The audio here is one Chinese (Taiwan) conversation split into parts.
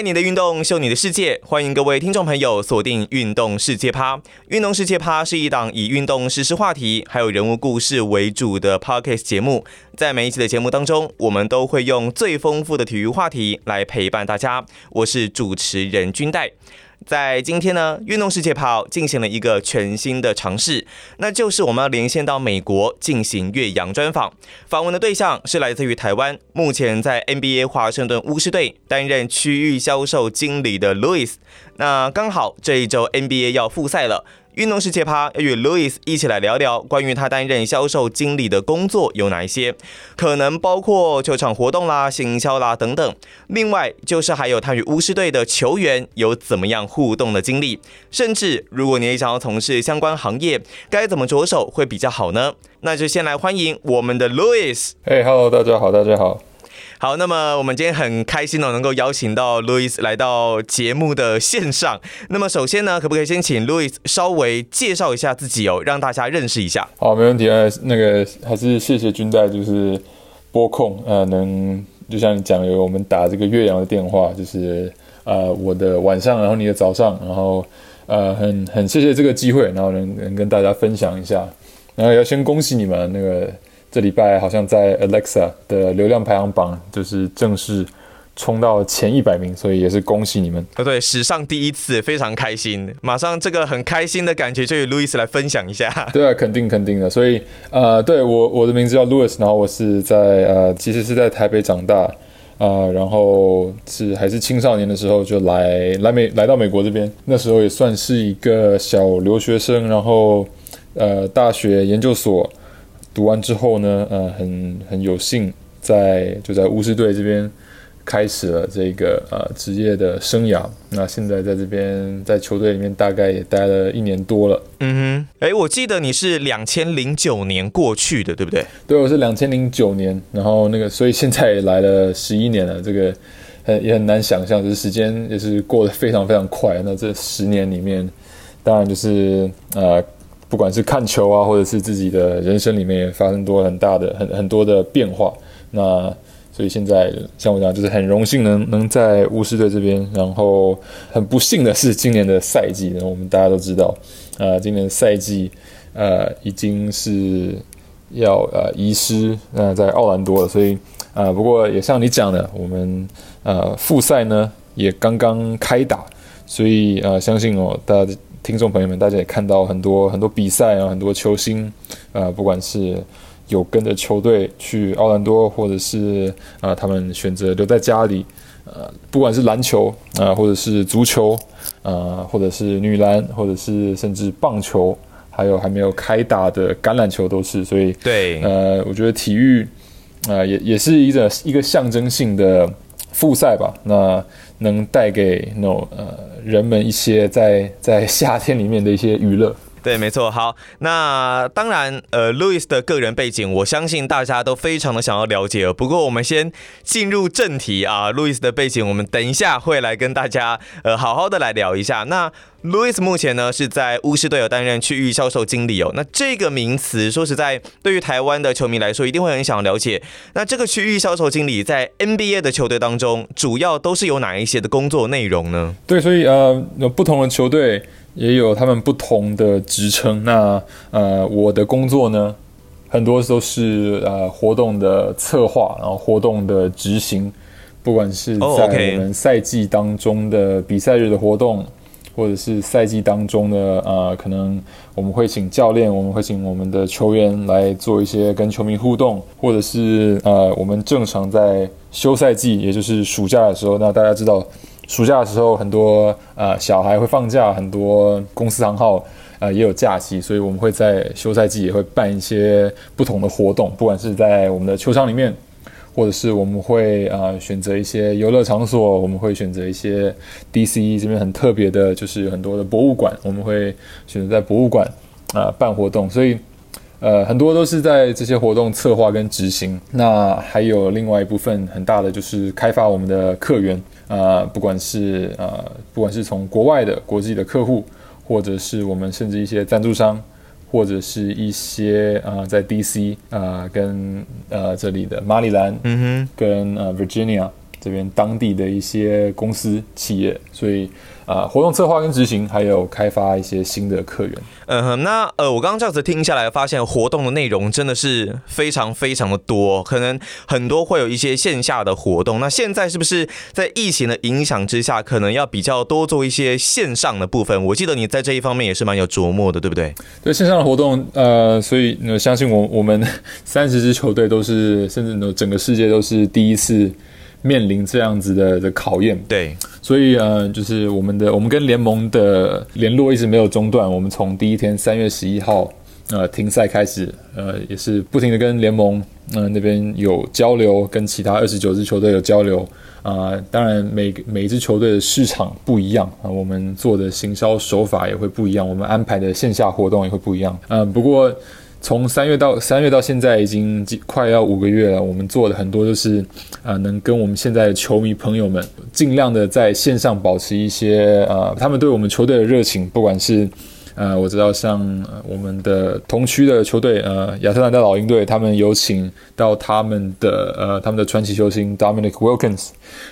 愛你的運動，秀你的世界，歡迎各位聽眾朋友鎖定運動世界趴《運動世界趴》。《運動世界趴》是一檔以運動時事話題還有人物故事為主的 podcast 節目。在每一期的節目當中，我們都會用最豐富的體育話題來陪伴大家。我是主持人君代。在今天呢，運動視界啪進行了一個全新的嘗試，那就是我們要連線到美國進行越洋專訪。訪問的對象是來自於台灣，目前在 NBA 華盛頓巫師隊擔任區域銷售經理的 Louis。那剛好這一周 NBA 要復賽了。運動視界啪要與 Louis 一起來聊聊，關於他擔任銷售經理的工作有哪一些，可能包括球場活動啦、行銷啦等等。另外就是還有他與巫師隊的球員有怎麼樣互動的經歷，甚至如果你也想要從事相關行業，該怎麼着手會比較好呢？那就先來歡迎我們的 Louis。哎，Hey, Hello，大家好，大家好。好，那麼我們今天很開心哦，能夠邀請到 Louis 來到節目的線上。那麼首先呢，可不可以先請 Louis 稍微介紹一下自己哦，讓大家認識一下？好，沒問題啊。那個還是謝謝軍代就是播控，呃，能就像你講，有我們打這個越洋的電話，就是呃我的晚上，然後你的早上，然後呃很很謝謝這個機會，然後能能跟大家分享一下。然後也要先恭喜你們那個。這禮拜好像在 Alexa 的流量排行榜，就是正式衝到前一百名，所以也是恭喜你們。啊、哦、對，史上第一次，非常開心。馬上這個很開心的感覺，就與 Louis 來分享一下。對，啊，肯定肯定的。所以，啊、呃，對，我，我的名字叫 Louis，然後我是在呃，其實是在台北長大啊、呃，然後是還是青少年的時候就來來美來到美國這邊，那時候也算是一個小留學生，然後呃，大學研究所。讀完之後呢，呃，很很有幸在就在巫師隊這邊開始了這個呃職業的生涯。那現在在這邊，在球隊裡面大概也待了一年多了。嗯哼，哎、欸，我記得你是兩千零九年過去的，對不對？對，我是兩千零九年，然後那個，所以現在也來了十一年了。這個很也很難想象，就是時間也是過得非常非常快。那這十年裡面，當然就是呃。不管是看球啊，或者是自己的人生裡面也發生多很大的，很很多的變化。那所以現在像我講，就是很榮幸能能在巫師隊這邊。然後很不幸的是，今年的賽季呢，我們大家都知道，啊、呃，今年賽季呃已經是要呃移師那，呃、在奧蘭多了。所以啊，呃，不過也像你講的，我們呃複賽呢也剛剛開打，所以啊，呃，相信哦大家。聽眾朋友們，大家也看到很多很多比賽啊，很多球星，呃，不管是有跟着球隊去奧蘭多，或者是啊、呃，他們選擇留在家裡，呃，不管是籃球啊、呃，或者是足球啊、呃，或者是女籃，或者是甚至棒球，還有還沒有開打的橄欖球都是，所以對，呃，我覺得體育啊，也、呃、也是一個一個象徵性的複賽吧，那。能帶給那種呃人們一些在在夏天裡面的一些娛樂。對，沒錯。好，那當然，呃，Louis 的個人背景，我相信大家都非常的想要了解。不過，我們先進入正題啊，Louis 的背景，我們等一下會來跟大家，呃，好好的來聊一下。那 Louis 目前呢是在巫師隊友擔任區域銷售經理哦，喔。那這個名詞，說實在，對於台灣的球迷來說，一定會很想要了解。那這個區域銷售經理在 NBA 的球隊當中，主要都是有哪一些的工作內容呢？對，所以呃，有不同的球隊。也有他們不同的職稱。那呃，我的工作呢，很多都是呃活動的策劃，然後活動的執行。不管是在我們賽季當中的比賽日的活動，或者是賽季當中的呃，可能我們會請教練，我們會請我們的球員來做一些跟球迷互動，或者是呃，我們正常在休賽季，也就是暑假的時候，那大家知道。暑假的時候，很多呃小孩會放假，很多公司行號呃也有假期，所以我們會在休賽季也會辦一些不同的活動，不管是在我們的球場裡面，或者是我們會呃選擇一些遊樂場所，我們會選擇一些 D.C 這邊很特別的，就是很多的博物館，我們會選擇在博物館啊、呃、辦活動，所以呃很多都是在這些活動策劃跟執行，那還有另外一部分很大的就是開發我們的客源。呃，不管是呃，不管是從國外的國際的客戶，或者是我們甚至一些贊助商，或者是一些呃，在 DC 呃，跟呃這裡的馬里蘭，嗯哼，跟呃 Virginia。這邊當地的一些公司企業，所以啊、呃，活動策劃跟執行，還有開發一些新的客源。嗯、呃，那呃，我剛剛這樣子聽下來，發現活動的內容真的是非常非常的多，可能很多會有一些線下的活動。那現在是不是在疫情的影響之下，可能要比較多做一些線上的部分？我記得你在這一方面也是蠻有琢磨的，對不對？對線上的活動，呃，所以我相信我，我們三十支球隊都是，甚至呢整個世界都是第一次。面臨這樣子的的考驗，對，所以呃，就是我們的我們跟聯盟的聯絡一直沒有中斷。我們從第一天三月十一號呃停賽開始，呃，也是不停的跟聯盟那、呃、那邊有交流，跟其他二十九支球隊有交流啊、呃。當然每，每每一支球隊的市場不一樣啊、呃，我們做的行銷手法也會不一樣，我們安排的線下活動也會不一樣。嗯、呃，不過。從三月到三月到現在，已經幾快要五個月了。我們做的很多就是，啊、呃，能跟我們現在的球迷朋友們盡量的在線上保持一些，呃，他們對我們球隊的熱情，不管是。呃，我知道像呃我們的同區的球隊，呃，亞特蘭大老鷹隊，他們有請到他們的呃，他們的傳奇球星 Dominic Wilkins，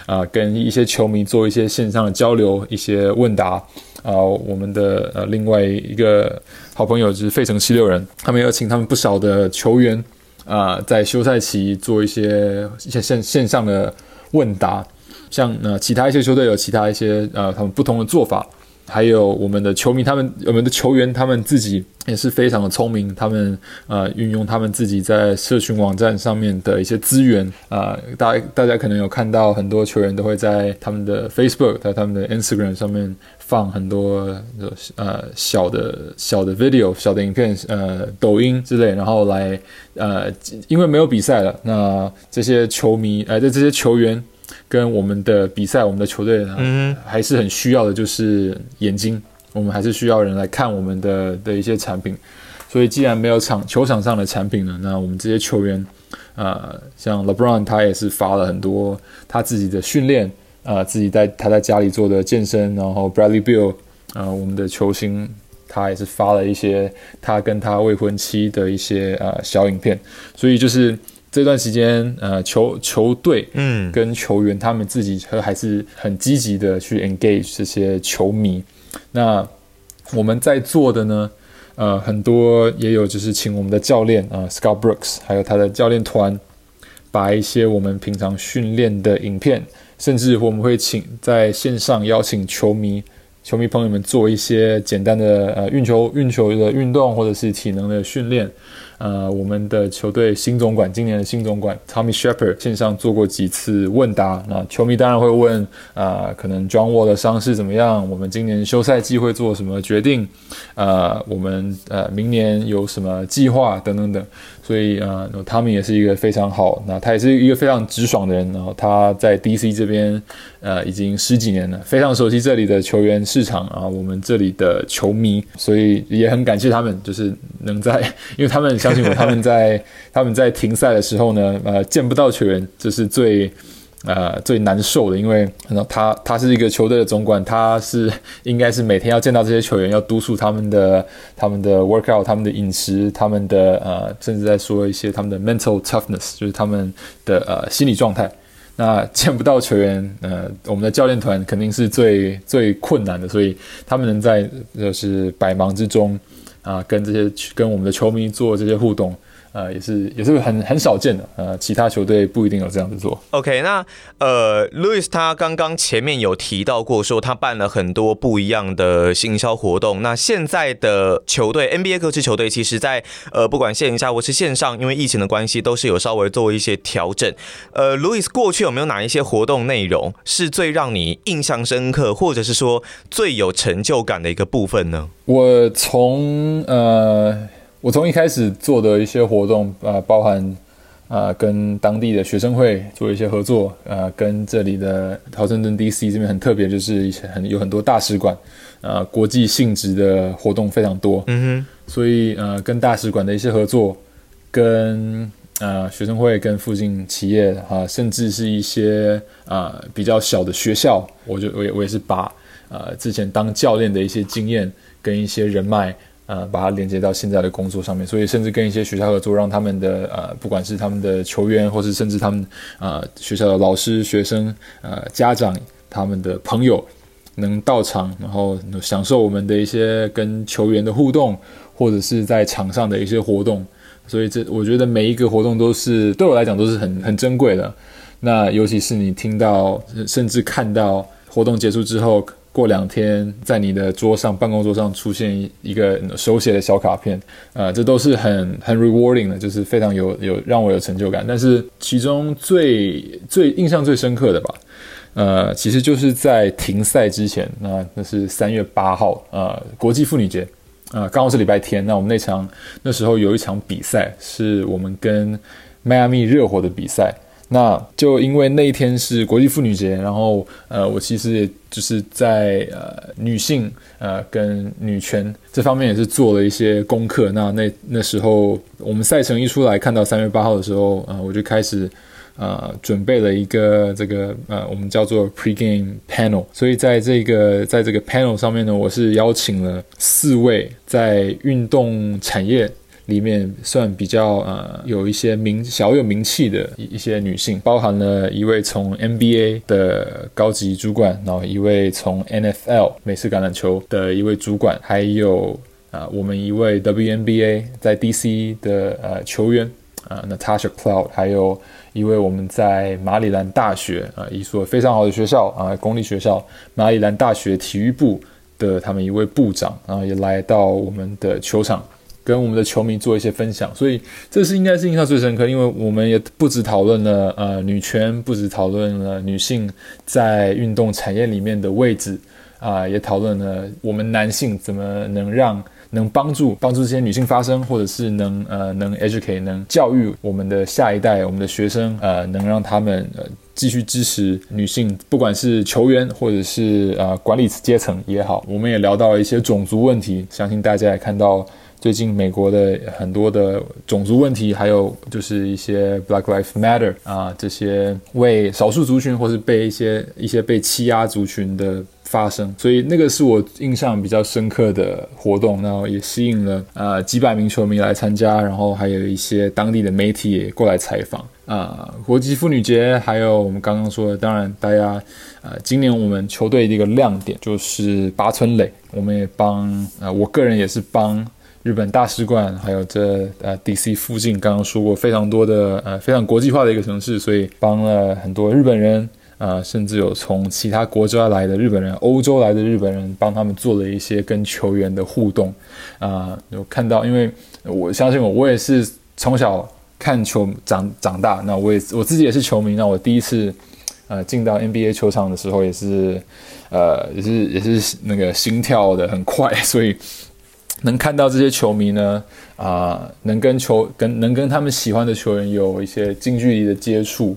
啊、呃，跟一些球迷做一些線上的交流、一些問答。啊、呃，我們的呃另外一個好朋友就是費城七六人，他們有請他們不少的球員啊、呃，在休賽期做一些一些線線上的問答。像呃，其他一些球隊有其他一些呃，他們不同的做法。還有我們的球迷，他們、我們的球員，他們自己也是非常的聰明。他們呃，運用他們自己在社群網站上面的一些資源啊、呃，大家大家可能有看到很多球員都會在他們的 Facebook、在他們的 Instagram 上面放很多的呃小的小的 video、小的影片、呃抖音之類，然後來呃，因為沒有比賽了，那這些球迷哎，這、呃、這些球員。跟我們的比賽，我們的球隊嗯還是很需要的，就是眼睛，我們還是需要人來看我們的的一些產品，所以既然沒有場球場上的產品了，那我們這些球員，啊，像 LeBron 他也是發了很多他自己的訓練，啊，自己在他在家裡做的健身，然後 Bradley Beal、呃、啊，我們的球星他也是發了一些他跟他未婚妻的一些啊、呃、小影片，所以就是。這段時間，呃，球球隊，嗯，跟球員他們自己，還是很積極的去 engage 這些球迷。那我們在做的呢，呃，很多也有就是請我們的教練啊，呃，Scott Brooks，還有他的教練團，把一些我們平常訓練的影片，甚至我們會請在線上邀請球迷，球迷朋友們做一些簡單的呃運球、運球的運動，或者是體能的訓練。呃，我們的球隊新總管，今年的新總管 Tommy Shepherd 線上做過幾次問答。那球迷當然會問啊，呃，可能 John Wall 的傷勢怎麼樣？我們今年休賽季會做什麼決定？呃，我們呃明年有什麼計劃等等等。所以啊、呃，他們也是一個非常好，那他也是一個非常直爽的人。然後他在 DC 這邊，呃，已經十幾年了，非常熟悉這裡的球員市場啊，我們這裡的球迷，所以也很感謝他們，就是能在，因為他們相信我，他們在他們在停賽的時候呢，呃，見不到球員，這、就是最。呃，最難受的，因為他他是一個球隊的總管，他是應該是每天要見到這些球員，要督促他們的、他們的 workout、他們的飲食、他們的呃，甚至在說一些他們的 mental toughness，就是他們的呃心理狀態。那見不到球員，呃，我們的教練團肯定是最最困難的，所以他們能在就是百忙之中啊、呃，跟這些跟我們的球迷做這些互動。呃，也是也是很很少見的，呃，其他球隊不一定有這樣子做。OK，那呃，Louis 他剛剛前面有提到過，說他辦了很多不一樣的行銷活動。那現在的球隊 NBA 各支球隊，其實在呃，不管線下或是線上，因為疫情的關係，都是有稍微做一些調整。呃，Louis 過去有沒有哪一些活動內容是最讓你印象深刻，或者是說最有成就感的一個部分呢？我從呃。我從一開始做的一些活動，啊、呃，包含啊、呃，跟當地的學生會做一些合作，啊、呃，跟這裡的華盛頓 DC 這邊很特別，就是很有很多大使館，啊、呃，國際性質的活動非常多，嗯哼，所以呃，跟大使館的一些合作，跟啊、呃、學生會，跟附近企業啊、呃，甚至是一些啊、呃、比較小的學校，我就我也我也是把呃之前當教練的一些經驗跟一些人脈。呃，把它連接到現在的工作上面，所以甚至跟一些學校合作，讓他們的呃，不管是他們的球員，或是甚至他們啊、呃、學校的老師、學生、呃家長、他們的朋友能到場，然後享受我們的一些跟球員的互動，或者是在場上的一些活動。所以這我覺得每一個活動都是對我來講都是很很珍貴的。那尤其是你聽到甚至看到活動結束之後，過兩天，在你的桌上、辦公桌上出現一個手寫的小卡片，呃，這都是很很 rewarding 的，就是非常有有讓我有成就感。但是其中最最印象最深刻的吧，呃，其實就是在停賽之前，呃，那那是三月八號，呃，國際婦女節，啊，剛好是禮拜天。那我們那場那時候有一場比賽，是我們跟邁阿密熱火的比賽。那就因為那一天是國際婦女節，然後呃，我其實也就是在呃女性呃跟女權這方面也是做了一些功課。那那那時候我們賽程一出來，看到三月八號的時候，呃，我就開始呃準備了一個這個呃我們叫做 pre-game panel。所以在這個在這個 panel 上面呢，我是邀請了四位在運動產業。裡面算比較呃有一些名小有名氣的一些女性，包含了一位從 NBA 的高級主管，然後一位從 NFL 美式橄欖球的一位主管，還有啊、呃、我們一位 WNBA 在 DC 的呃球員啊、呃、Natasha Cloud，還有一位我們在馬里蘭大學啊、呃、一所非常好的學校啊、呃、公立學校馬里蘭大學體育部的他們一位部長，然後、呃、也來到我們的球場。跟我們的球迷做一些分享，所以這是應該是印象最深刻，因為我們也不只討論了呃女權，不只討論了女性在運動產業裡面的位置啊、呃，也討論了我們男性怎麼能讓能幫助幫助這些女性發聲，或者是能呃能 educate 能教育我們的下一代，我們的學生呃能讓他們、呃、繼續支持女性，不管是球員或者是呃管理階層也好，我們也聊到了一些種族問題，相信大家也看到。最近美國的很多的種族問題，還有就是一些 Black Lives Matter 啊、呃，這些為少數族群，或是被一些一些被欺壓族群的發聲。所以那個是我印象比較深刻的活動，然後也吸引了呃幾百名球迷來參加，然後還有一些當地的媒體也過來採訪啊。國際婦女節，還有我們剛剛說的，當然大家呃，今年我們球隊的一個亮點就是八村壘，我們也幫呃，我個人也是幫。日本大使館，還有這呃，DC 附近，剛剛說過非常多的呃，非常國際化的一個城市，所以幫了很多日本人啊、呃，甚至有從其他國家來的日本人、歐洲來的日本人，幫他們做了一些跟球員的互動啊。有、呃、看到，因為我相信我，我也是從小看球長長，長大，那我也我自己也是球迷。那我第一次呃進到 NBA 球場的時候，也是呃，也是也是那個心跳得很快，所以。能看到這些球迷呢，啊、呃，能跟球跟能跟他們喜歡的球員有一些近距離的接觸，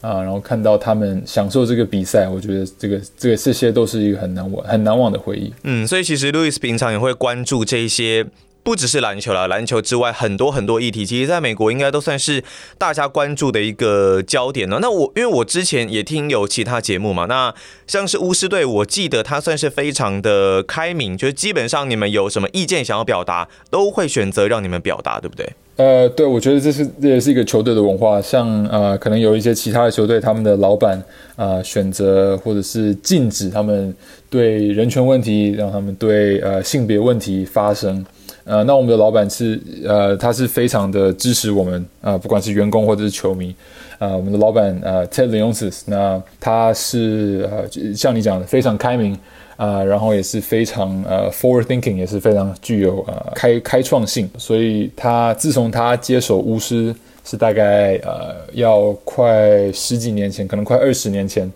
啊、呃，然後看到他們享受這個比賽，我覺得這個這個這些都是一個很難忘很難忘的回憶。嗯，所以其實 Louis 平常也會關注這些。不只是籃球了，籃球之外很多很多議題，其實在美國應該都算是大家關注的一個焦點呢、喔。那我因為我之前也聽有其他節目嘛，那像是巫師隊，我記得他算是非常的開明，就是基本上你們有什麼意見想要表達，都會選擇讓你們表達，對不對？呃，對，我覺得這是這也是一個球隊的文化。像呃，可能有一些其他的球隊，他們的老闆啊、呃、選擇或者是禁止他們對人權問題，讓他們對呃性別問題發聲。呃，那我們的老闆是呃，他是非常的支持我們啊、呃，不管是員工或者是球迷，呃，我們的老闆呃，Ted Leonsis，那他是呃，像你講的非常開明啊、呃，然後也是非常呃，forward thinking，也是非常具有呃開開創性，所以他自從他接手巫師是大概呃要快十幾年前，可能快二十年前。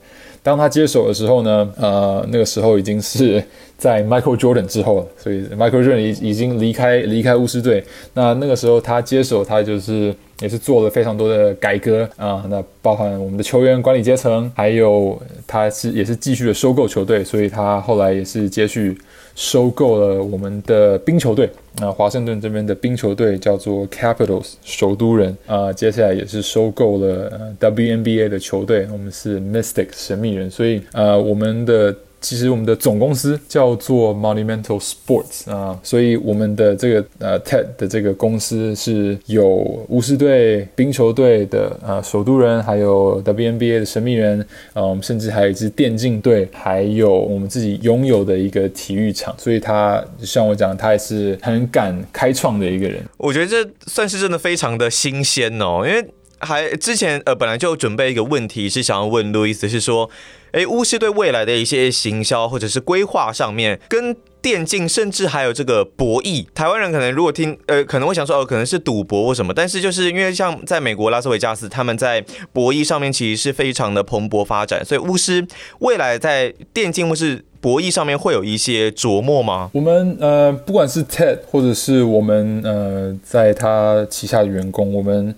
當他接手的時候呢，呃，那個時候已經是在 Michael Jordan 之後了，所以 Michael Jordan 已已經離開離開巫師隊。那那個時候他接手，他就是也是做了非常多的改革啊，呃，那包含我們的球員管理階層，還有他是也是繼續的收購球隊，所以他後來也是接續。收購了我們的冰球隊，那、呃、華盛頓這邊的冰球隊叫做 Capitals，首都人。啊、呃，接下來也是收購了、呃、WNBA 的球隊，我們是 Mystics 神秘人。所以，呃，我們的。其實我們的總公司叫做 Monumental Sports 啊，所以我們的這個呃 Ted 的這個公司是有巫師隊、冰球隊的啊，首都人，還有 WNBA 的神秘人啊，我們甚至還有一支電競隊，還有我們自己擁有的一個體育場。所以他像我講，他也是很敢開創的一個人。我覺得這算是真的非常的新鮮哦，因為。還之前呃，本來就準備一個問題，是想要問路易斯，是說，哎，巫師對未來的一些行銷或者是規劃上面，跟電競，甚至還有這個博弈，台灣人可能如果聽，呃，可能會想說哦，可能是賭博或什麼，但是就是因為像在美國拉斯維加斯，他們在博弈上面其實是非常的蓬勃發展，所以巫師未來在電競或是博弈上面會有一些琢磨嗎？我們呃，不管是 TED 或者是我們呃，在他旗下的員工，我們。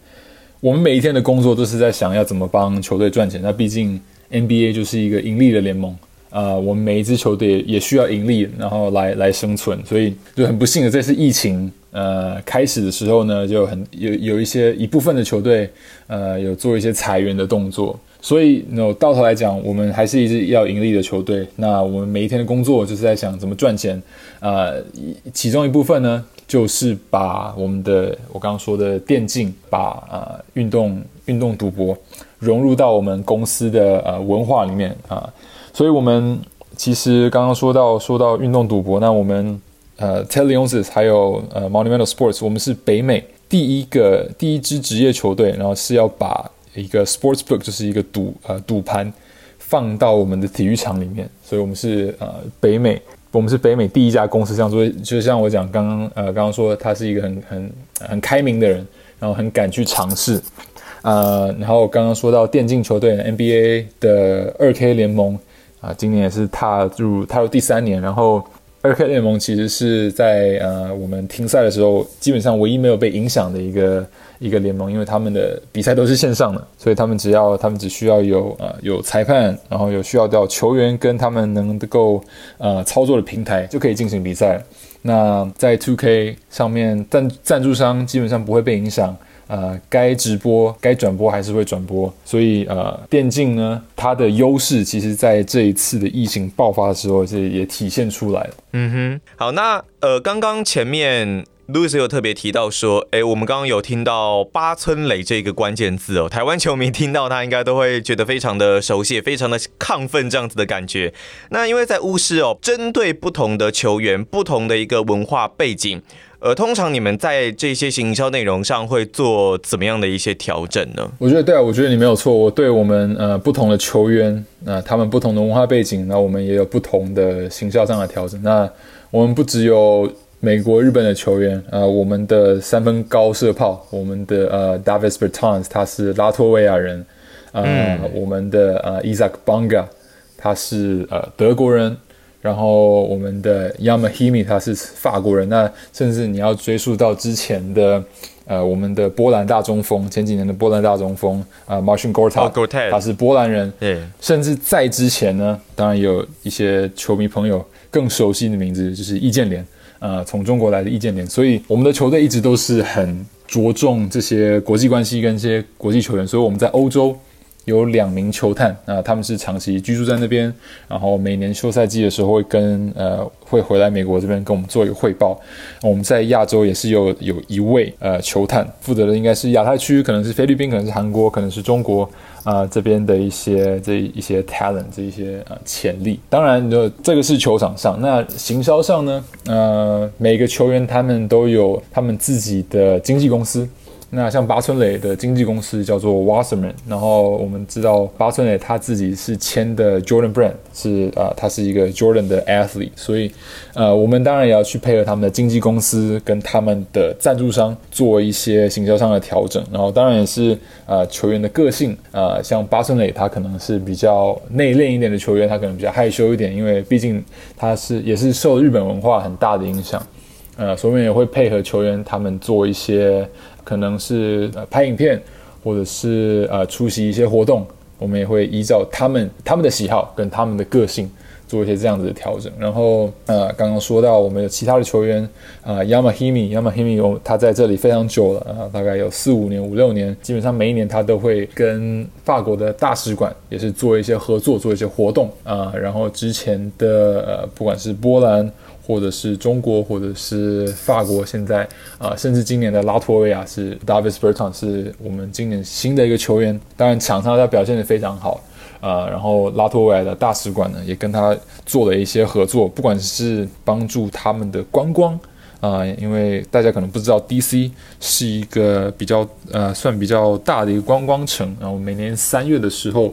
我們每一天的工作都是在想要怎麼幫球隊賺錢。那畢竟 NBA 就是一個盈利的聯盟，呃，我們每一支球隊也需要盈利，然後來來生存。所以就很不幸的，這次疫情呃開始的時候呢，就很有有一些一部分的球隊呃有做一些裁員的動作。所以那、no, 到頭來講，我們還是一支要盈利的球隊。那我們每一天的工作就是在想怎麼賺錢啊、呃，其中一部分呢。就是把我們的我剛剛說的電競，把呃運動運動賭博融入到我們公司的呃文化裡面啊、呃。所以我們其實剛剛說到說到運動賭博，那我們呃 Ted Leonsis 還有呃 Monumental Sports，我們是北美第一個第一支職業球隊，然後是要把一個 sportsbook 就是一個賭呃賭盤放到我們的體育場裡面，所以我們是呃北美。我們是北美第一家公司像做，就像我講剛剛呃，剛剛說他是一個很很很開明的人，然後很敢去嘗試，呃，然後剛剛說到電競球隊 NBA 的二 K 聯盟啊，呃，今年也是踏入踏入第三年，然後二 K 聯盟其實是在呃我們停賽的時候，基本上唯一沒有被影響的一個。一個聯盟，因為他們的比賽都是線上的，所以他們只要他們只需要有呃有裁判，然後有需要到球員跟他們能夠呃操作的平台，就可以進行比賽。那在 2K 上面，贊贊助商基本上不會被影響，呃，該直播該轉播還是會轉播，所以呃，電競呢，它的優勢其實在這一次的疫情爆發的時候，這也體現出來了。嗯哼，好，那呃，剛剛前面。Lucy 有特別提到說：“誒、欸，我們剛剛有聽到‘八村壘’這個關鍵字哦、喔，台灣球迷聽到他應該都會覺得非常的熟悉，非常的亢奮這樣子的感覺。那因為在巫師哦、喔，針對不同的球員、不同的一個文化背景，呃，通常你們在這些行銷內容上會做怎麼樣的一些調整呢？”我覺得對啊，我覺得你沒有錯。我對我們呃不同的球員，那、呃、他們不同的文化背景，那我們也有不同的行銷上的調整。那我們不只有，美國、日本的球員，呃，我們的三分高射炮，我們的呃，Davis Bertans，他是拉脫維亞人，啊、呃，嗯、我們的呃，Isaac Bonga，他是呃德國人，然後我們的 Mahinmi，他是法國人。那甚至你要追溯到之前的，呃，我們的波蘭大中鋒，前幾年的波蘭大中鋒，呃 Marcin Gortat，他是波蘭人。對，甚至在之前呢，當然有一些球迷朋友更熟悉的名字，就是易建聯。呃，從中國來的易建聯，所以我們的球隊一直都是很着重這些國際關係跟這些國際球員，所以我們在歐洲，有兩名球探，啊、呃，他們是長期居住在那邊，然後每年休賽季的時候會跟呃會回來美國這邊跟我們做一個匯報。我們在亞洲也是有有一位呃球探負責的，應該是亞太區，可能是菲律賓，可能是韓國，可能是中國啊、呃、這邊的一些這一些這一些 talent 這一些呃潛力。當然，這這個是球場上，那行銷上呢，呃每個球員他們都有他們自己的經紀公司。那像八村壘的經紀公司叫做 Wasserman，然後我們知道八村壘他自己是簽的 Jordan Brand，是呃他是一個 Jordan 的 athlete，所以呃我們當然也要去配合他們的經紀公司跟他們的贊助商做一些行銷上的調整，然後當然也是呃球員的個性，呃像八村壘他可能是比較內斂一點的球員，他可能比較害羞一點，因為畢竟他是也是受日本文化很大的影響，呃所以也會配合球員他們做一些。可能是呃拍影片，或者是呃出席一些活動，我們也會依照他們他們的喜好跟他們的個性做一些這樣子的調整。然後呃剛剛說到我們有其他的球員啊 Yamahimi，Yamahimi，他在這裡非常久了啊、呃，大概有四五年、五六年，基本上每一年他都會跟法國的大使館也是做一些合作，做一些活動啊、呃。然後之前的，呃、不管是波蘭。或者是中國，或者是法國，現在啊、呃，甚至今年的拉脫維亞是 Davis Bertans 是我們今年新的一個球員。當然，場上他表現得非常好啊、呃。然後，拉脫維亞的大使館呢，也跟他做了一些合作，不管是幫助他們的觀光啊、呃，因為大家可能不知道，DC 是一個比較呃算比較大的一個觀光城，然後每年三月的時候。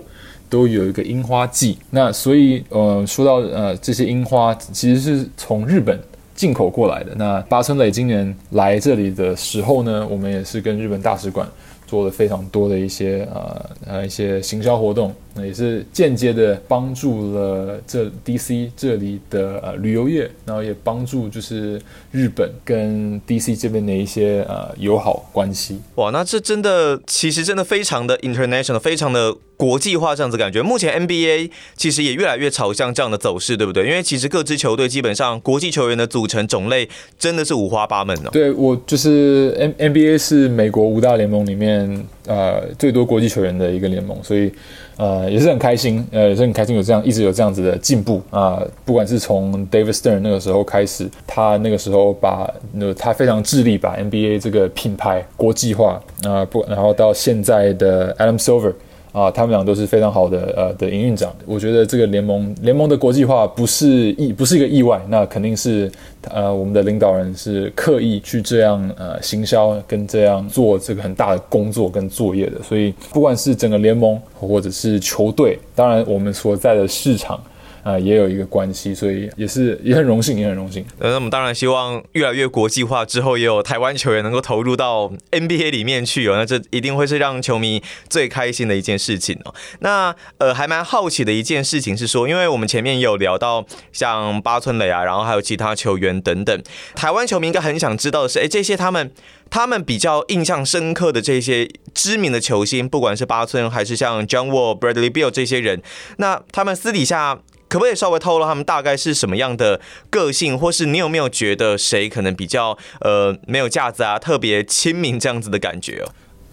都有一個櫻花季，那所以呃，說到呃這些櫻花，其實是從日本進口過來的。那八村壘今年來這裡的時候呢，我們也是跟日本大使館做了非常多的一些呃呃一些行銷活動。那也是間接的幫助了這 DC 這裡的呃旅遊業，然後也幫助就是日本跟 DC 這邊的一些呃友好關係。哇，那這真的其實真的非常的 international，非常的國際化這樣子感覺。目前 NBA 其實也越來越朝向這樣的走勢，對不對？因為其實各支球隊基本上國際球員的組成種類真的是五花八門哦。對，我就是 N NBA 是美國五大聯盟裡面呃最多國際球員的一個聯盟，所以呃。也是很開心，呃，也是很開心有這樣一直有這樣子的進步啊、呃，不管是從 David Stern 那個時候開始，他那個時候把，那、呃、他非常致力把 NBA 這個品牌國際化啊、呃，不，然後到現在的 Adam Silver。啊，他們倆都是非常好的呃的營運長，我覺得這個聯盟聯盟的國際化不是意不是一個意外，那肯定是呃我們的領導人是刻意去這樣呃行銷跟這樣做這個很大的工作跟作業的，所以不管是整個聯盟或者是球隊，當然我們所在的市場。啊，也有一個關係，所以也是也很榮幸，也很榮幸。嗯、那我們當然希望越來越國際化之後，也有台灣球員能夠投入到 NBA 裡面去哦。那這一定會是讓球迷最開心的一件事情哦。那呃，還蠻好奇的一件事情是說，因為我們前面也有聊到像八村壘啊，然後還有其他球員等等，台灣球迷應該很想知道的是，哎、欸，這些他們他們比較印象深刻的這些知名的球星，不管是八村還是像 John Wall、Bradley Beal 這些人，那他們私底下。可不可以稍微透露他們大概是什麼樣的個性，或是你有沒有覺得誰可能比較呃沒有架子啊，特別親民這樣子的感覺哦？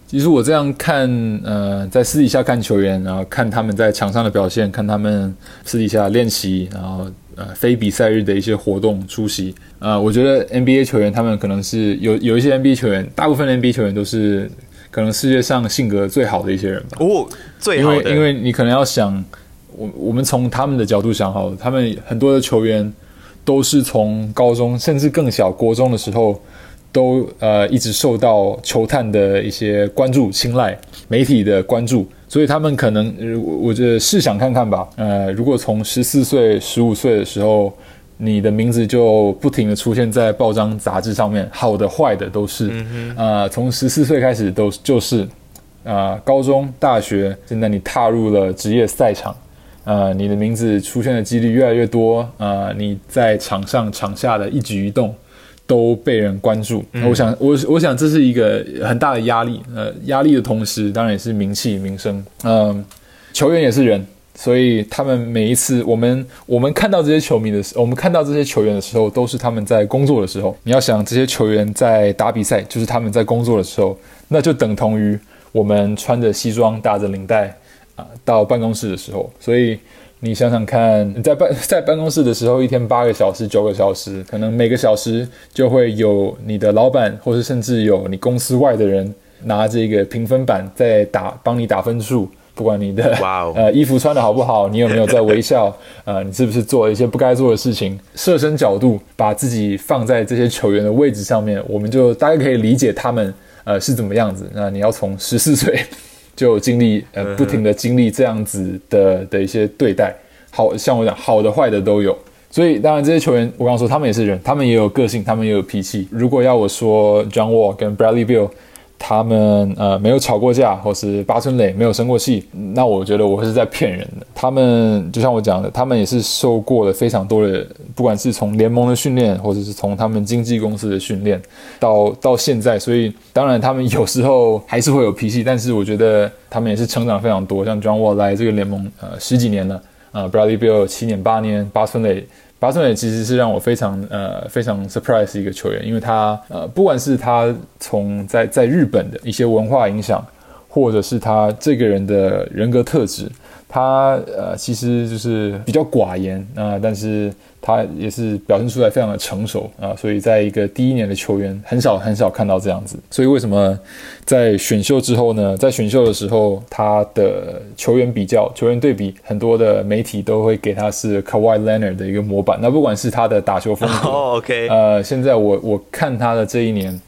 其實我這樣看，呃，在私底下看球員，然後看他們在場上的表現，看他們私底下練習，然後呃非比賽日的一些活動出席，啊，我覺得 NBA 球員他們可能是有有一些 NBA 球員，大部分 NBA 球員都是可能世界上性格最好的一些人吧？哦，最好的，因為，因為你可能要想。我我們從他們的角度想，好，他們很多的球員都是從高中甚至更小國中的時候，都呃一直受到球探的一些關注、青睞、媒體的關注，所以他們可能我我覺得試想看看吧，呃，如果從十四歲、十五歲的時候，你的名字就不停的出現在報章雜誌上面，好的、壞的都是，嗯、哼呃，從十四歲開始都就是，啊、呃，高中、大學，現在你踏入了職業賽場。啊、呃，你的名字出現的幾率越來越多，啊、呃，你在場上場下的一舉一動都被人關注。嗯、我想，我我想這是一個很大的壓力。呃，壓力的同時，當然也是名氣、名聲。嗯，球員也是人，所以他們每一次，我們我們看到這些球迷的時，我們看到這些球員的時候，都是他們在工作的時候。你要想，這些球員在打比賽，就是他們在工作的時候，那就等同於我們穿着西裝，打着領帶，到辦公室的時候，所以你想想看，你在辦在辦公室的時候，一天八個小時、九個小時，可能每個小時就會有你的老板，或是甚至有你公司外的人拿這個評分板在打，幫你打分數。不管你的 Wow. 呃衣服穿得好不好，你有沒有在微笑， 呃，你是不是做了一些不該做的事情，設身角度，把自己放在這些球員的位置上面，我們就大概可以理解他們呃是怎麼樣子。那你要從十四歲。就經歷呃，不停的經歷這樣子的的一些對待，好像我講好的壞的都有，所以當然這些球員，我剛剛說他們也是人，他們也有個性，他們也有脾氣。如果要我說，John Wall 跟 Bradley Beal 他們呃沒有吵過架，或是八村壘沒有生過氣，那我覺得我是在騙人的。他們就像我講的，他們也是受過了非常多的，不管是從聯盟的訓練，或者是從他們經紀公司的訓練，到到現在，所以當然他們有時候還是會有脾氣，但是我覺得他們也是成長非常多。像 John Wall 來這個聯盟呃十幾年了，啊、呃、Bradley Beal 七年八年，八村壘。八村塁其實是讓我非常呃非常 surprise 一個球員，因為他呃不管是他從在在日本的一些文化影響，或者是他這個人的人格特質。他呃，其實就是比較寡言啊、呃，但是他也是表現出來非常的成熟啊、呃，所以在一個第一年的球員，很少很少看到這樣子。所以為什麼在選秀之後呢？在選秀的時候，他的球員比較球員對比，很多的媒體都會給他是 Kawhi Leonard 的一個模板。那不管是他的打球風格，oh, okay. 呃，現在我我看他的這一年。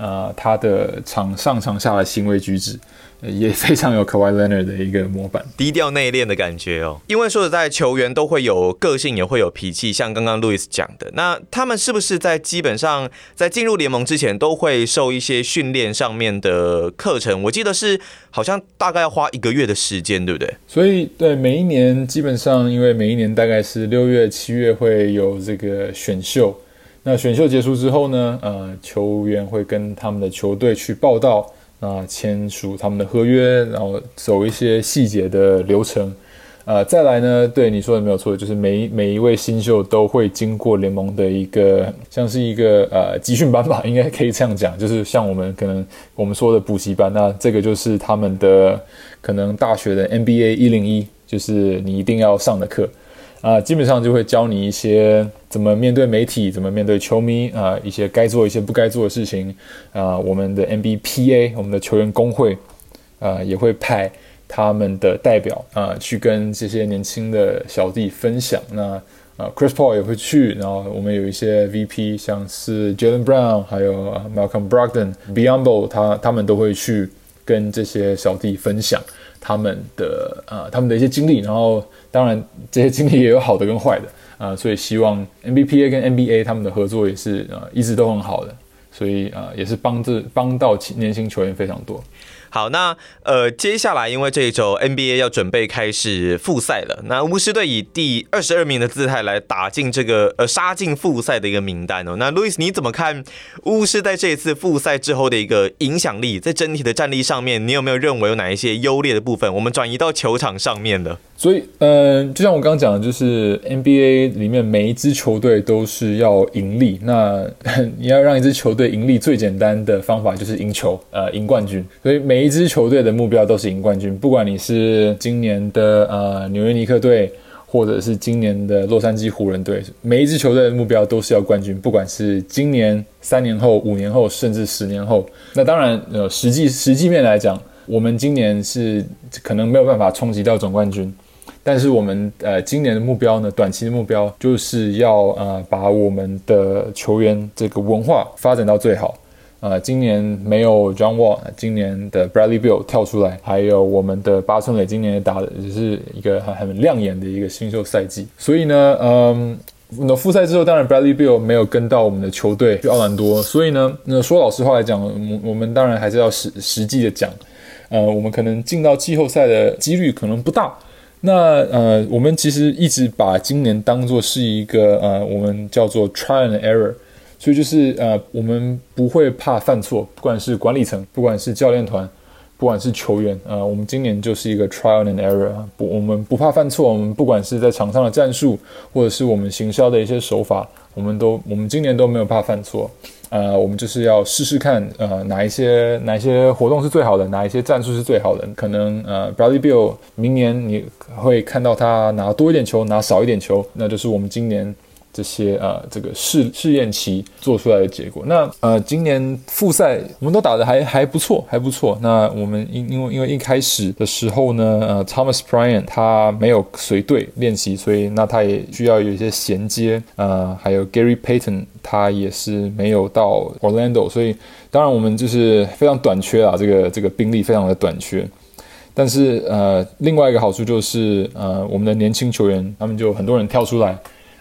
呃，他的場上場下的行為舉止，也非常有 Kawhi Leonard 的一個模板，低調內斂的感覺哦。因為說實在，球員都會有個性，也會有脾氣。像剛剛 Louis 講的，那他們是不是在基本上在進入聯盟之前，都會受一些訓練上面的課程？我記得是好像大概要花一個月的時間，對不對？所以，對每一年基本上，因為每一年大概是六月、七月會有這個選秀。那選秀結束之後呢？呃，球員會跟他們的球隊去報到，啊、呃，簽署他們的合約，然後走一些細節的流程。呃，再來呢？對，你說的沒有錯，就是每一每一位新秀都會經過聯盟的一個像是一個呃集訓班吧，應該可以這樣講，就是像我們可能我們說的補習班，那這個就是他們的可能大學的 NBA 101，就是你一定要上的課。啊、呃，基本上就會教你一些怎麼面對媒體，怎麼面對球迷啊、呃，一些該做一些不該做的事情啊、呃。我們的 NBPA，我們的球員工會啊、呃，也會派他們的代表啊、呃、去跟這些年輕的小弟分享。那啊、呃、，Chris Paul 也會去，然後我們有一些 VP，像是 Jalen Brown 還有 Malcolm Brogdon，Bi、嗯、yombo 他他們都會去跟這些小弟分享他們的啊、呃，他們的一些經歷，然後。當然，這些經歷也有好的跟壞的啊、呃，所以希望 NBPA 跟 NBA 他們的合作也是啊、呃，一直都很好的，所以啊、呃，也是幫着幫到年輕球員非常多。好，那呃，接下來因為這一周 NBA 要準備開始複賽了，那巫師隊以第二十二名的姿態來打進這個呃殺進複賽的一個名單哦。那 Louis 你怎麼看巫師在這一次複賽之後的一個影響力，在整體的戰力上面，你有沒有認為有哪一些優劣的部分？我們轉移到球場上面的。所以，嗯、呃，就像我剛剛講的，就是 NBA 裡面每一支球隊都是要盈利，那你要讓一支球隊盈利，最簡單的方法就是贏球，呃，贏冠軍。所以每每一支球隊的目標都是贏冠軍，不管你是今年的呃紐約尼克隊，或者是今年的洛杉磯湖人隊，每一支球隊的目標都是要冠軍，不管是今年、三年後、五年後，甚至十年後。那當然，呃，實際實際面來講，我們今年是可能沒有辦法衝擊到總冠軍，但是我們呃今年的目標呢，短期的目標就是要呃把我們的球員這個文化發展到最好。呃，今年沒有 John Wall，呃，今年的 Bradley Beal 跳出來，還有我們的八村壘今年也打的也是一個很很亮眼的一個新秀賽季。所以呢，嗯，那復賽之後，當然 Bradley Beal 沒有跟到我們的球隊去奧蘭多，所以呢，那說老實話來講，我我們當然還是要實實際的講，呃，我們可能進到季後賽的幾率可能不大。那呃，我們其實一直把今年當做是一個呃，我們叫做 trial and error。所以就是呃，我們不會怕犯錯，不管是管理層，不管是教練團，不管是球員，呃，我們今年就是一個 trial and error，不，我們不怕犯錯，我們不管是在場上的戰術，或者是我們行銷的一些手法，我們都，我們今年都沒有怕犯錯，呃，我們就是要試試看，呃，哪一些哪一些活動是最好的，哪一些戰術是最好的，可能呃，Bradley Beal 明年你會看到他拿多一點球，拿少一點球，那就是我們今年。這些呃，這個試試驗期做出來的結果。那呃，今年複賽我們都打得還還不錯，還不錯。那我們因因為因為一開始的時候呢，呃，Thomas Bryant 他沒有隨隊練習，所以那他也需要有一些銜接。呃，還有 Gary Payton 他也是沒有到 Orlando，所以當然我們就是非常短缺啊，這個這個兵力非常的短缺。但是呃，另外一個好處就是呃，我們的年輕球員他們就很多人跳出來。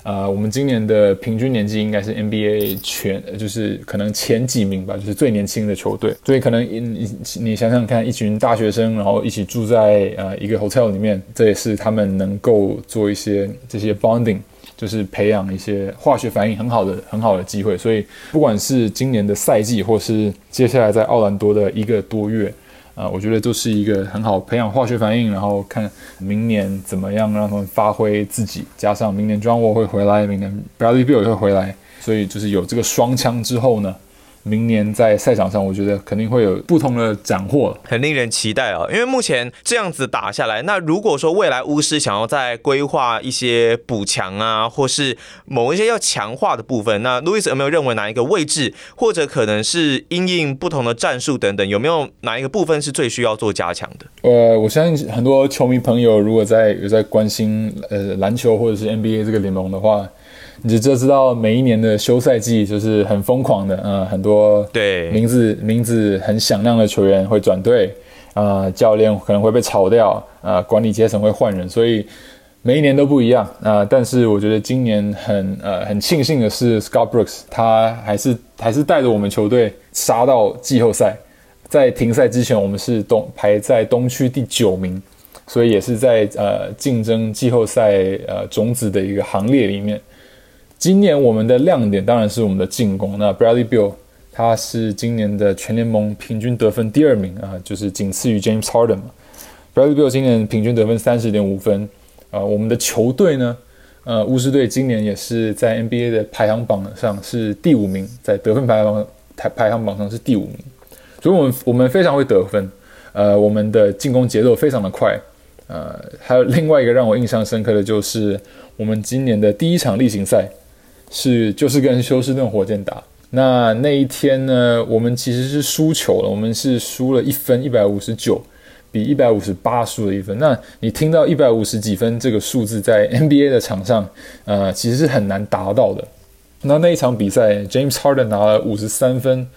啊、呃，我們今年的平均年紀應該是 NBA 全，就是可能前幾名吧，就是最年輕的球隊。所以可能你你想想看，一群大學生，然後一起住在呃一個 hotel 裡面，這也是他們能夠做一些這些 bonding，就是培養一些化學反應很好的很好的機會。所以不管是今年的賽季，或是接下來在奧蘭多的一個多月。啊、呃，我覺得都是一個很好培養化學反應，然後看明年怎麼樣讓他們發揮自己。加上明年 John Wall 會回來，明年 Bradley Beal 也會回來，所以就是有這個雙槍之後呢。明年在賽場上，我覺得肯定會有不同的斬獲，很令人期待啊、喔！因為目前這樣子打下來，那如果說未來巫師想要再規劃一些補強啊，或是某一些要強化的部分，那路易斯有沒有認為哪一個位置，或者可能是因應不同的戰術等等，有沒有哪一個部分是最需要做加強的？呃，我相信很多球迷朋友如果在有在關心呃籃球或者是 NBA 這個聯盟的話，你就知道每一年的休賽季就是很瘋狂的，嗯、呃，很多對名字對名字很響亮的球員會轉隊，呃，教練可能會被炒掉，呃，管理階層會換人，所以每一年都不一樣。啊、呃，但是我覺得今年很呃很慶幸的是，Scott Brooks 他還是還是帶着我們球隊殺到季後賽。在停賽之前，我們是東排在東區第九名，所以也是在呃競爭季後賽呃種子的一個行列裡面。今年我們的亮點當然是我們的進攻。那 Bradley Beal 他是今年的全聯盟平均得分第二名啊、呃，就是僅次於 James Harden 嘛，Bradley Beal 今年平均得分三十點五分啊、呃。我們的球隊呢，呃，巫師隊今年也是在 NBA 的排行榜上是第五名，在得分排行、排排行榜上是第五名，所以我們，我我們非常會得分。呃，我們的進攻節奏非常的快。呃，還有另外一個讓我印象深刻的就是我們今年的第一場例行賽。是，就是跟休斯頓火箭打。那那一天呢，我們其實是輸球了，我們是輸了一分，一百五十九比一百五十八輸了一分。那你聽到一百五十幾分這個數字在 NBA 的場上，呃，其實是很難達到的。那那一場比賽，James Harden 拿了五十三分，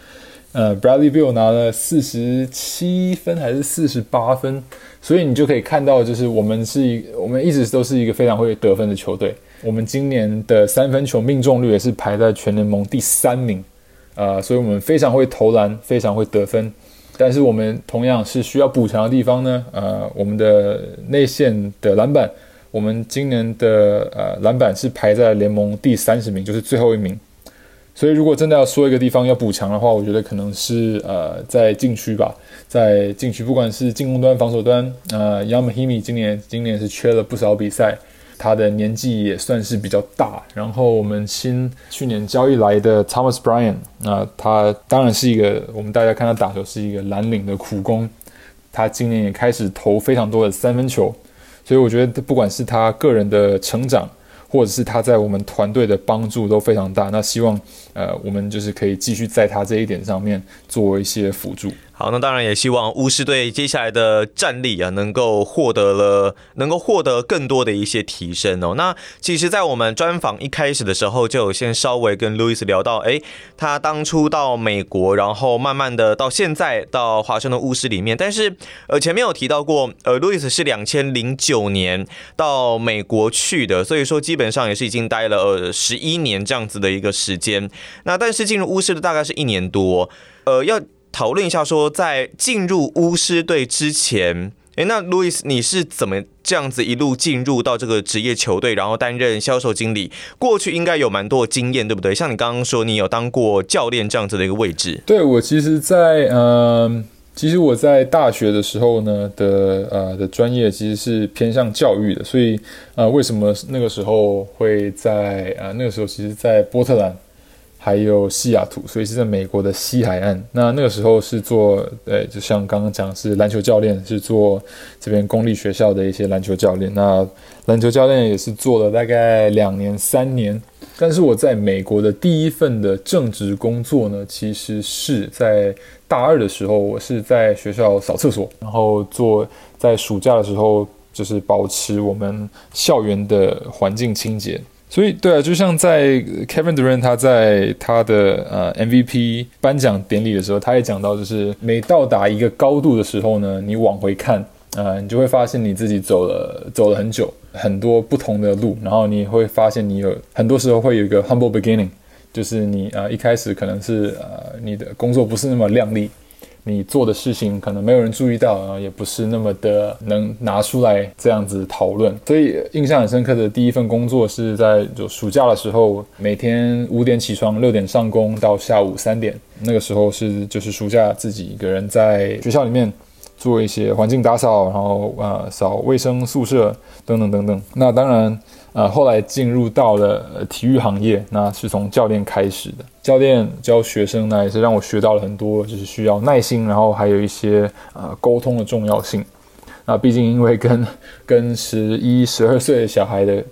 呃，Bradley Beal 拿了四十七分還是四十八分，所以你就可以看到，就是我們是一，我們一直都是一個非常會得分的球隊。我們今年的三分球命中率也是排在全聯盟第三名，啊、呃，所以我們非常會投籃，非常會得分。但是我們同樣是需要補強的地方呢，呃，我們的內線的籃板，我們今年的呃籃板是排在聯盟第三十名，就是最後一名。所以如果真的要說一個地方要補強的話，我覺得可能是呃在禁區吧，在禁區，不管是進攻端、防守端，呃，亞馬希米今年今年是缺了不少比賽。他的年紀也算是比較大。然後我們新去年交易來的 Thomas Bryan，那他當然是一個我們大家看他打球是一個藍領的苦工，他今年也開始投非常多的三分球，所以我覺得不管是他個人的成長，或者是他在我們團隊的幫助都非常大。那希望呃我們就是可以繼續在他這一點上面做一些輔助。好，那當然也希望巫師隊接下來的戰力啊能，能夠獲得了能夠獲得更多的一些提升哦。那其實，在我們專訪一開始的時候，就有先稍微跟 Louis 聊到，誒、欸，他當初到美國，然後慢慢的到現在到華盛頓巫師裡面，但是呃，前面有提到過，呃，Louis 是兩千零九年到美國去的，所以說基本上也是已經待了呃十一年這樣子的一個時間。那但是進入巫師的大概是一年多，呃，要。討論一下，說在進入巫師隊之前，誒，那 Louis，你是怎麼這樣子一路進入到這個職業球隊，然後擔任銷售經理？過去應該有蠻多的經驗，對不對？像你剛剛說，你有當過教練這樣子的一個位置。對，我其實在，在、呃、嗯，其實我在大學的時候呢的呃的專業其實是偏向教育的，所以呃，為什麼那個時候會在啊、呃，那個時候，其實，在波特蘭。還有西雅圖，所以是在美國的西海岸。那那個時候是做，呃，就像剛剛講，是籃球教練，是做這邊公立學校的一些籃球教練。那籃球教練也是做了大概兩年、三年。但是我在美國的第一份的正職工作呢，其實是在大二的時候，我是在學校掃廁所，然後做在暑假的時候，就是保持我們校園的環境清潔。所以，對啊，就像在 Kevin Durant 他在他的呃 MVP 頒獎典禮的時候，他也講到，就是每到達一個高度的時候呢，你往回看，呃，你就會發現你自己走了走了很久，很多不同的路，然後你會發現你有很多時候會有一個 humble beginning，就是你啊，呃，一開始可能是呃你的工作不是那麼亮麗。你做的事情可能沒有人注意到，然後也不是那麼的能拿出來這樣子討論。所以印象很深刻的第一份工作是在就暑假的時候，每天五點起床，六點上工到下午三點。那個時候是就是暑假自己一個人在學校裡面做一些環境打掃，然後呃掃衛生宿舍等等等等。那當然呃後來進入到了體育行業，那是從教練開始的。教練教學生呢，也是讓我學到了很多，就是需要耐心，然後還有一些呃溝通的重要性。那畢竟因為跟跟十一、十二歲的小孩的，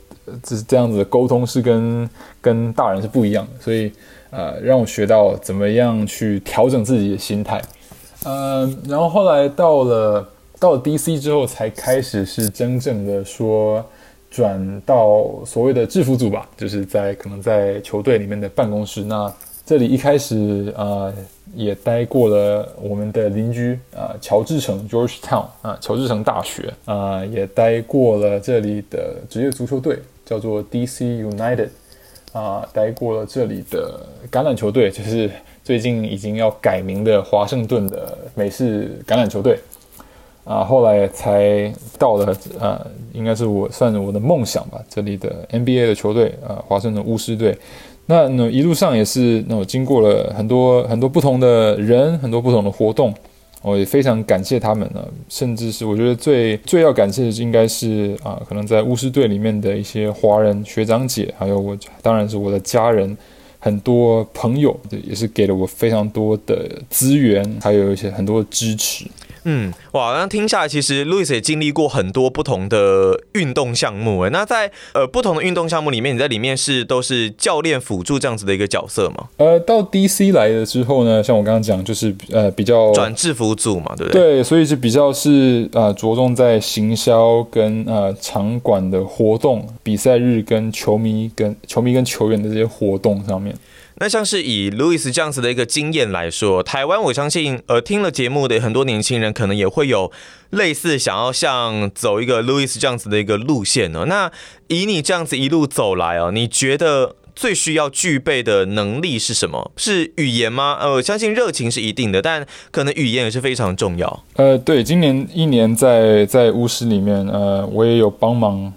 就是這樣子的溝通是跟跟大人是不一樣的，所以呃讓我學到怎麼樣去調整自己的心態。嗯、呃，然後後來到了到了 DC 之後，才開始是真正的說。轉到所謂的制服組吧，就是在可能在球隊裡面的辦公室。那這裡一開始呃也待過了我們的鄰居啊、呃，喬治城 （Georgetown） 啊、呃，喬治城大學啊、呃，也待過了這裡的職業足球隊，叫做 DC United 啊、呃，待過了這裡的橄欖球隊，就是最近已經要改名的華盛頓的美式橄欖球隊。啊，後來才到了，呃、啊，應該是我算是我的夢想吧，這裡的 NBA 的球隊，呃、啊，華盛頓巫師隊。那呢，一路上也是那我經過了很多很多不同的人，很多不同的活動。我也非常感謝他們呢、啊，甚至是我覺得最最要感謝的應該是啊，可能在巫師隊裡面的一些華人學長姐，還有我，當然是我的家人，很多朋友也是給了我非常多的資源，還有一些很多的支持。嗯，哇，那聽下來，其實 Louis 也經歷過很多不同的運動項目誒。那在呃不同的運動項目裡面，你在裡面是都是教練輔助這樣子的一個角色嗎？呃，到 DC 來了之後呢，像我剛剛講，就是呃比較轉制服組嘛，對不對，對？對，所以是比較是呃着重在行銷跟呃場館的活動、比賽日跟球迷跟球迷跟球員的這些活動上面。那像是以 Louis 這樣子的一個經驗來說，台灣我相信，呃，聽了節目的很多年輕人可能也會有類似想要像走一個 Louis 這樣子的一個路線呢，哦。那以你這樣子一路走來哦，啊，你覺得最需要具備的能力是什麼？是語言嗎？呃，我相信熱情是一定的，但可能語言也是非常重要。呃，對，今年一年在在巫師裡面，呃，我也有幫忙，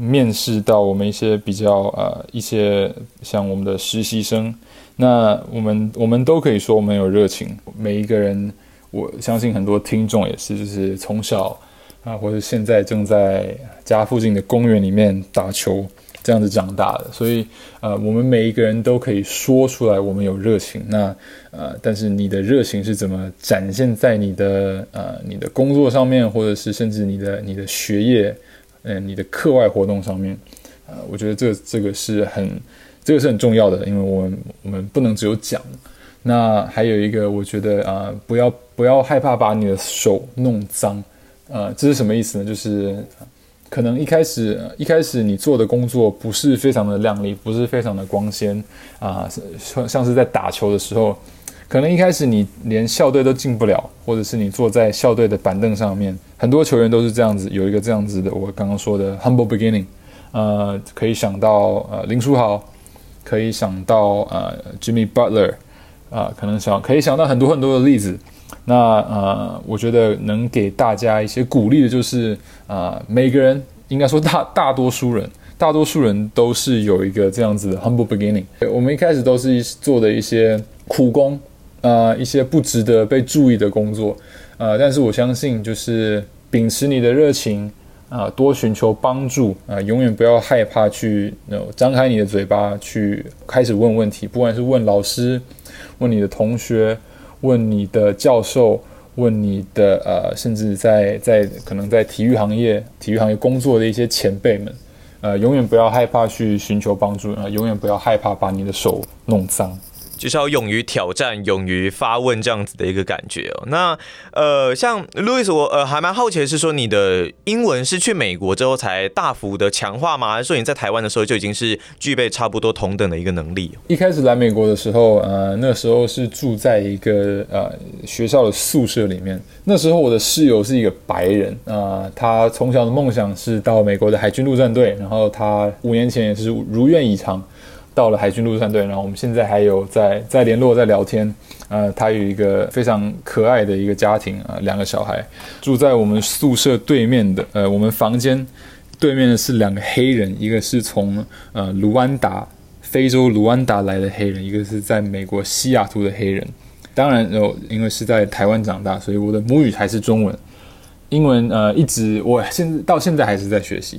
面試到我們一些比較呃一些像我們的實習生，那我們我們都可以說我們有熱情。每一個人，我相信很多聽眾也是，就是從小啊，呃，或者現在正在家附近的公園裡面打球這樣子長大的，所以呃，我們每一個人都可以說出來我們有熱情。那呃，但是你的熱情是怎麼展現在你的呃你的工作上面，或者是甚至你的你的學業？嗯，你的課外活動上面，呃，我覺得這這個是很，這個是很重要的，因為我們我們不能只有講。那還有一個，我覺得啊、呃，不要不要害怕把你的手弄髒，呃，這是什麼意思呢？就是可能一開始一開始你做的工作不是非常的亮麗，不是非常的光鮮啊、呃，像像是在打球的時候。可能一開始你連校隊都進不了，或者是你坐在校隊的板凳上面，很多球員都是這樣子。有一個這樣子的，我剛剛說的 humble beginning，呃，可以想到呃林書豪，可以想到呃 Jimmy Butler，啊、呃，可能想可以想到很多很多的例子。那呃，我覺得能給大家一些鼓勵的就是，啊、呃，每個人應該說大大多數人，大多數人都是有一個這樣子的 humble beginning。對，我們一開始都是做的一些苦工。呃，一些不值得被注意的工作，呃，但是我相信，就是秉持你的熱情，啊、呃，多尋求幫助，啊、呃，永遠不要害怕去張開你的嘴巴去開始問問題，不管是問老師、問你的同學、問你的教授、問你的呃，甚至在在可能在體育行業、體育行業工作的一些前輩們，呃，永遠不要害怕去尋求幫助，啊、呃，永遠不要害怕把你的手弄髒。就是要勇於挑戰、勇於發問這樣子的一個感覺哦、喔。那呃，像 Louis，我呃還蠻好奇的是，說你的英文是去美國之後才大幅的強化嗎？還是說你在台灣的時候就已經是具備差不多同等的一個能力、喔？一開始來美國的時候，呃，那時候是住在一個呃學校的宿舍裡面。那時候我的室友是一個白人，啊、呃，他從小的夢想是到美國的海軍陸戰隊，然後他五年前也是如願以償。到了海軍陸戰隊，然後我們現在還有在在聯絡在聊天，呃，他有一個非常可愛的一個家庭，呃，兩個小孩。住在我們宿舍對面的，呃，我們房間對面的是兩個黑人，一個是從呃盧安達非洲盧安達來的黑人，一個是在美國西雅圖的黑人。當然，呃，因為是在台灣長大，所以我的母語還是中文，英文呃，一直我現到現在還是在學習。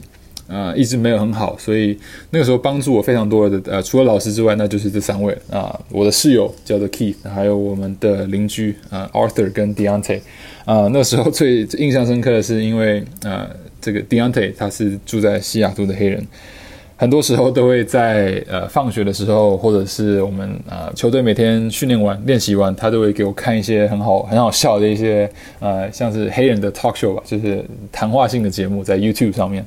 啊、呃，一直沒有很好，所以那個時候幫助我非常多的呃，除了老師之外，那就是這三位啊、呃。我的室友叫做 Keith，還有我們的鄰居啊、呃、，Arthur 跟 Deante、呃。啊，那時候最印象深刻的是因為呃這個 Deante 他是住在西雅圖的黑人，很多時候都會在呃放學的時候，或者是我們啊、呃、球隊每天訓練完練習完，他都會給我看一些很好很好笑的一些呃，像是黑人的 talk show 吧，就是談話性的節目，在 YouTube 上面。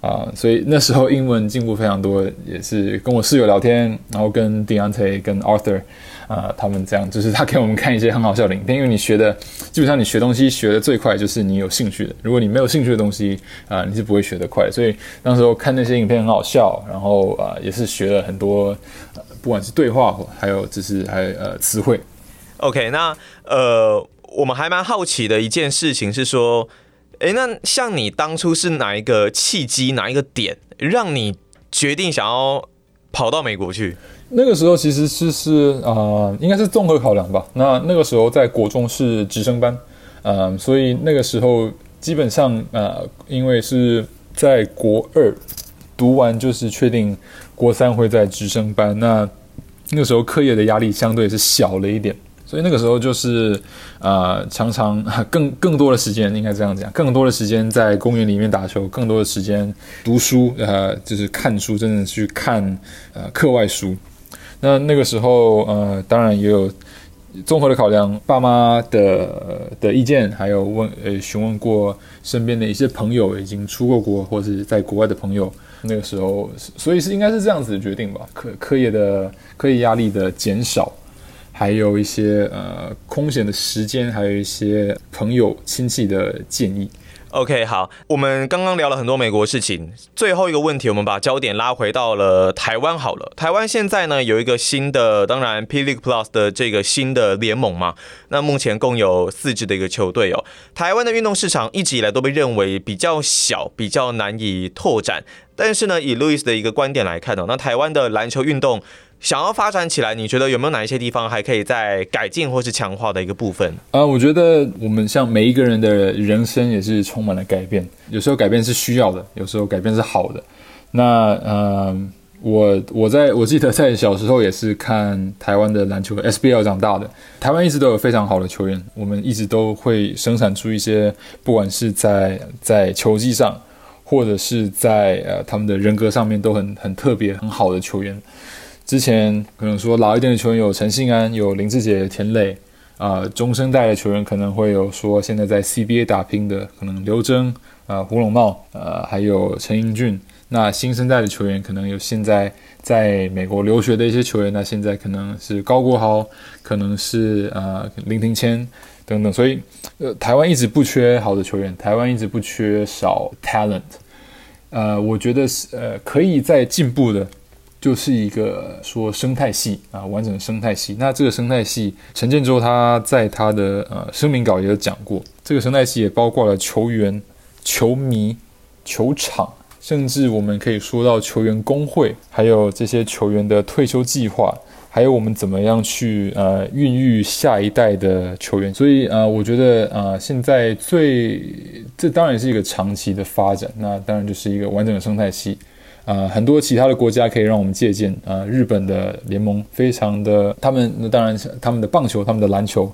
啊，uh, 所以那時候英文進步非常多，也是跟我室友聊天，然後跟 Dante 跟 Arthur，啊、呃，他們這樣，就是他給我們看一些很好笑的影片。因為你學的基本上你學東西學得最快就是你有興趣的，如果你沒有興趣的東西啊、呃，你是不會學得快的快。所以那時候看那些影片很好笑，然後啊、呃，也是學了很多、呃，不管是對話，還有就是還有呃詞彙。OK，那呃，我們還蠻好奇的一件事情是說。誒，那像你當初是哪一個契機，哪一個點讓你決定想要跑到美國去？那個時候其實是是啊、呃，應該是綜合考量吧。那那個時候在國中是直升班，啊、呃，所以那個時候基本上啊、呃、因為是在國二讀完就是確定國三會在直升班，那那個時候課業的壓力相對是小了一點。所以那個時候就是，呃，常常更更多的時間，應該這樣講，更多的時間在公園裡面打球，更多的時間讀書，呃，就是看書，真的去看，呃，課外書。那那個時候，呃，當然也有綜合的考量，爸媽的的意見，還有問，呃，詢問過身邊的一些朋友，已經出過國或是在國外的朋友。那個時候，所以是應該是這樣子的決定吧，課課業的課業壓力的減少。還有一些呃空閒的時間，還有一些朋友親戚的建議。OK，好，我們剛剛聊了很多美國事情，最後一個問題，我們把焦點拉回到了台灣。好了，台灣現在呢有一個新的，當然 P-League+ 的這個新的聯盟嘛。那目前共有四支的一個球隊哦、喔。台灣的運動市場一直以來都被認為比較小，比較難以拓展。但是呢，以 Louis 的一個觀點來看呢、喔，那台灣的籃球運動。想要發展起來，你覺得有沒有哪一些地方還可以再改進或是強化的一個部分？呃，我覺得我們像每一個人的人生也是充滿了改變，有時候改變是需要的，有時候改變是好的。那呃，我我在我記得在小時候也是看台灣的籃球和 SBL 長大的，台灣一直都有非常好的球員，我們一直都會生產出一些不管是在在球技上或者是在呃他們的人格上面都很很特別很好的球員。之前可能說老一點的球員有陳信安、有林志傑、田壘，啊、呃，中生代的球員可能會有說現在在 CBA 打拼的，可能劉錚，呃胡瓏茂、呃還有陳英俊。那新生代的球員可能有現在在美國留學的一些球員，那現在可能是高國豪，可能是呃林庭謙等等。所以，呃，台灣一直不缺好的球員，台灣一直不缺少 talent。呃，我覺得是呃可以再進步的。就是一個說生態系啊，完整的生態系。那這個生態系，陳建州他在他的呃聲明稿也有講過，這個生態系也包括了球員、球迷、球場，甚至我們可以說到球員工會，還有這些球員的退休計劃，還有我們怎麼樣去呃孕育下一代的球員。所以呃，我覺得呃現在最這當然是一個長期的發展，那當然就是一個完整的生態系。啊、呃，很多其他的國家可以讓我們借鑑。啊、呃，日本的聯盟非常的，他們那當然是他們的棒球、他們的籃球，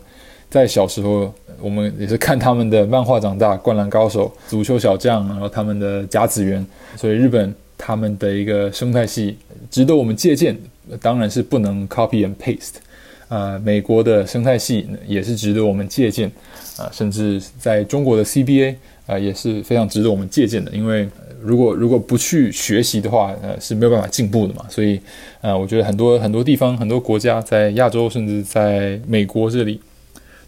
在小時候我們也是看他們的漫畫長大，《灌籃高手》、《足球小將》，然後他們的甲子園。所以日本他們的一個生態系值得我們借鑑。當然是不能 copy and paste，呃。啊，美國的生態系也是值得我們借鑑。啊、呃，甚至在中國的 CBA 啊、呃，也是非常值得我們借鑑的，因為。如果如果不去學習的話，呃，是沒有辦法進步的嘛。所以，呃，我覺得很多很多地方、很多國家，在亞洲，甚至在美國這裡。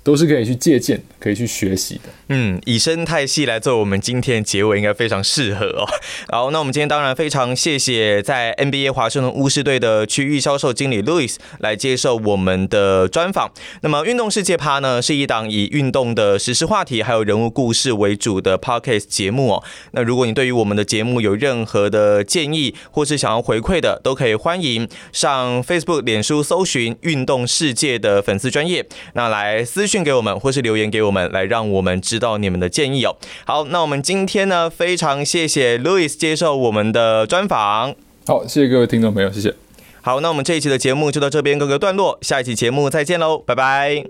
都是可以去借鑑、可以去學習的。嗯，以生態系來做我們今天的結尾，應該非常適合哦。好，那我們今天當然非常謝謝在 NBA 華盛頓巫師隊的區域銷售經理 Louis 來接受我們的專訪。那麼，《運動視界啪》呢，是一檔以運動的時事話題還有人物故事為主的 podcast 節目哦。那如果你對於我們的節目有任何的建議，或是想要回饋的，都可以歡迎上 Facebook 臉書搜尋《運動視界》的粉絲專頁，那來私訊。給我們，或是留言給我們，來讓我們知道你們的建議哦。好，那我們今天呢，非常謝謝 Louis 接受我們的專訪。好，謝謝各位聽眾朋友，謝謝。好，那我們這一期的節目就到這邊各個段落，下一期節目再見嘍，拜拜。